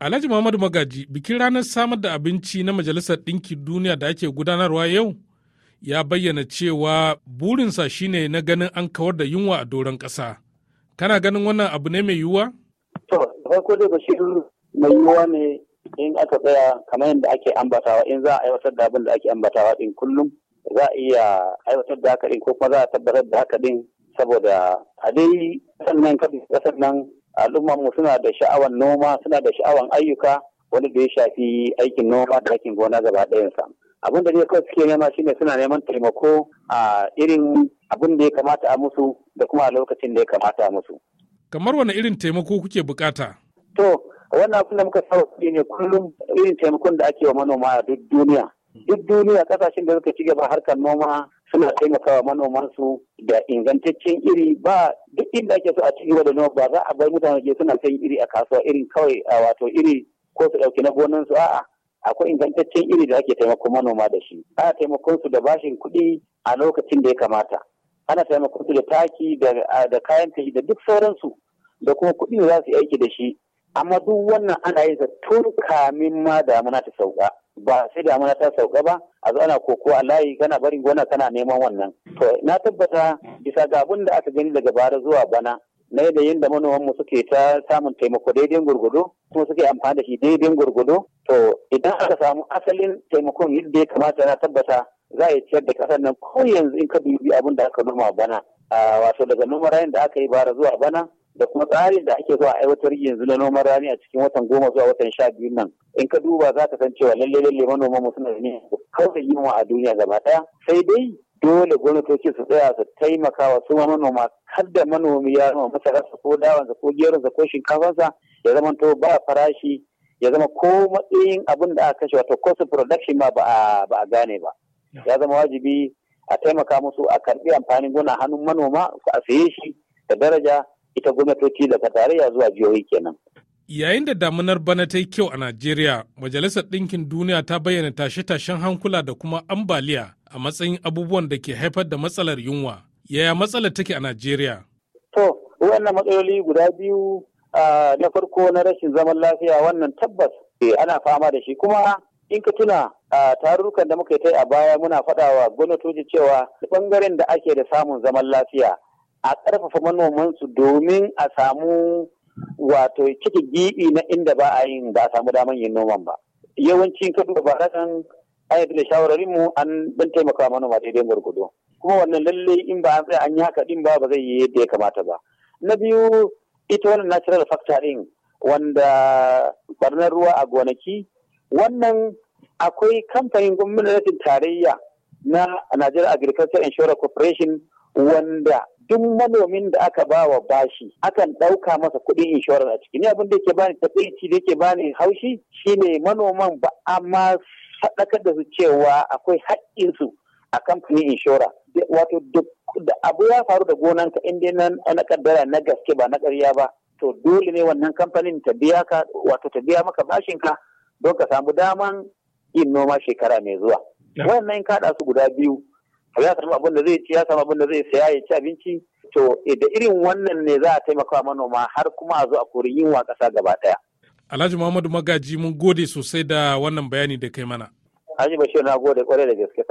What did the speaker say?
Alhaji Muhammadu Magaji bikin ranar samar da abinci na Majalisar Ɗinkin Duniya da ake gudanarwa yau ya bayyana cewa burinsa shine na ganin an kawar da yunwa a doron ƙasa. Kana ganin wannan abu ne mai yiwuwa? To, farko dai Bashir mai yiwuwa ne in aka tsaya kamar yadda ake ambatawa in za a aiwatar da abin da ake ambatawa din kullum za a iya aiwatar da haka din ko kuma za a tabbatar da haka din saboda a dai sannan kasar nan al'ummar mu suna da sha'awan noma suna da sha'awan ayyuka wani da ya shafi aikin noma da aikin gona gaba ɗayansa abin da ne kawai suke nema shine suna neman taimako a irin abin da ya kamata a musu da kuma a lokacin da ya kamata a musu kamar wani irin taimako kuke bukata to wannan abin da muka saba kuɗi ne kullum irin taimakon da ake wa manoma a duk duniya duk duniya kasashen da suka ci gaba harkar noma suna taimakawa manomansu da ingantaccen iri ba duk inda ake so a ci gaba da noma ba za a bar mutane ke suna sayan iri a kasuwa irin kawai a wato iri ko su ɗauki na gonan su. a'a akwai ingantaccen iri da ake taimakon manoma da shi ana taimakon su da bashin kuɗi a lokacin da ya kamata ana taimakon su da taki da kayan tafi da duk sauransu da kuma kuɗi da za su aiki da shi amma duk wannan ana yin tun kamin ma damuna ta sauka ba sai damuna ta sauka ba a zo ana koko a layi kana barin gona kana neman wannan to na tabbata bisa ga abin da aka gani daga bara zuwa bana na yin da manomanmu suke ta samun taimako daidai gurgudu kuma suke amfani da shi daidai gurgudu to idan aka samu asalin taimakon yadda ya kamata na tabbata za a yi ciyar da kasar nan ko yanzu in ka dubi abun da aka noma bana wato daga noma rayin da aka yi bara zuwa bana da kuma tsarin da ake zuwa aiwatar yanzu na noman rani a cikin watan goma zuwa watan sha biyu nan in ka duba za ka san cewa lalle lalle manoman mu suna da ne kawai wa a duniya gaba ɗaya sai dai dole gwamnatoci su tsaya su taimaka wa su manoma kar da manomi ya masa masararsa ko dawansa ko geronsa ko shinkafansa ya zama to ba farashi ya zama ko matsayin abin da aka kashe wato cost production ma ba a gane ba ya zama wajibi a taimaka musu a karbi amfanin gona hannun manoma a saye shi da daraja ita gwamnatoci daga tarayya zuwa jihohi kenan. Yayin da damunar bana ta yi kyau a Najeriya, Majalisar Ɗinkin Duniya ta bayyana tashe-tashen hankula da kuma ambaliya a matsayin abubuwan da ke haifar da matsalar yunwa. Yaya matsalar take a Najeriya? To, wannan matsaloli guda biyu na farko na rashin zaman lafiya wannan tabbas eh, ana fama da shi kuma in ka tuna a tarurrukan da muka yi ta a baya muna faɗawa gwamnatoci cewa bangaren da ake da samun zaman lafiya a ƙarfafa manomansu domin a samu wato cike gibi na inda ba a yin ba a samu daman yin noman ba yawanci ka duba an ayyuka da shawararin mu an dan taimaka manoma daidai gwargwado kuma wannan lallai in ba an tsaya an yi haka din ba ba zai yi yadda ya kamata ba na biyu ita wannan natural factor din wanda barnar ruwa a gonaki wannan akwai kamfanin gwamnatin tarayya na Nigeria AgriCulture Insurance Corporation wanda duk manomin da aka ba wa bashi akan ɗauka masa kuɗin inshorar a ciki ni abin da yake bani takaici da yake bani haushi shine manoman ba amma faɗakar da su cewa akwai haƙƙinsu a kamfanin inshora wato da abu ya faru da gonanka inda na kaddara na gaske ba na ƙarya ba to dole ne wannan kamfanin ta biya ka wato ta biya maka bashinka don ka samu daman yin noma shekara mai zuwa wannan in kaɗa su guda biyu a za a samu abin da zai ci ya samu abin da zai saya ya ci abinci to eh, da irin wannan ne za a taimaka manoma har kuma a zo a kori yunwa ƙasa gaba ɗaya. Alhaji Muhammadu Magaji mun gode sosai da wannan bayani da kai mana. Alhaji Bashir na gode kwarai da gaske.